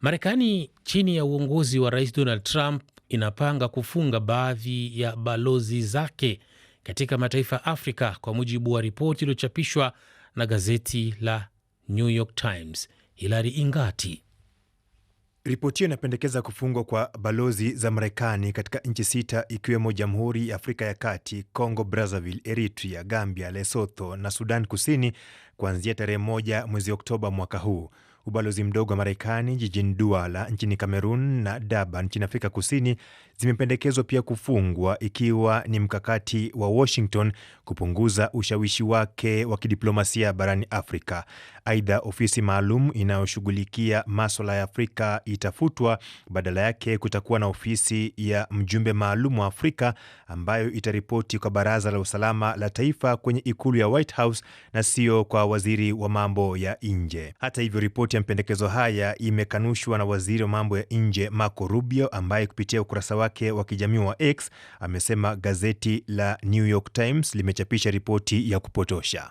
Marekani chini ya uongozi wa Rais Donald Trump inapanga kufunga baadhi ya balozi zake katika mataifa ya Afrika kwa mujibu wa ripoti iliyochapishwa na gazeti la New York Times. Hilari Ingati. Ripoti hiyo inapendekeza kufungwa kwa balozi za Marekani katika nchi sita ikiwemo Jamhuri ya Afrika ya Kati, Congo Brazzaville, Eritrea, Gambia, Lesotho na Sudan Kusini kuanzia tarehe moja mwezi Oktoba mwaka huu ubalozi mdogo wa Marekani jijini Duala nchini Kamerun na Daba nchini Afrika Kusini zimependekezwa pia kufungwa ikiwa ni mkakati wa Washington kupunguza ushawishi wake wa kidiplomasia barani Afrika. Aidha, ofisi maalum inayoshughulikia maswala ya Afrika itafutwa. Badala yake kutakuwa na ofisi ya mjumbe maalum wa Afrika ambayo itaripoti kwa Baraza la Usalama la Taifa kwenye ikulu ya White House na sio kwa waziri wa mambo ya nje. Hata hivyo, ripoti ya mapendekezo haya imekanushwa na waziri wa mambo ya nje Marco Rubio ambaye kupitia ukurasa wake wa kijamii wa X amesema gazeti la New York Times kuchapisha ripoti ya kupotosha.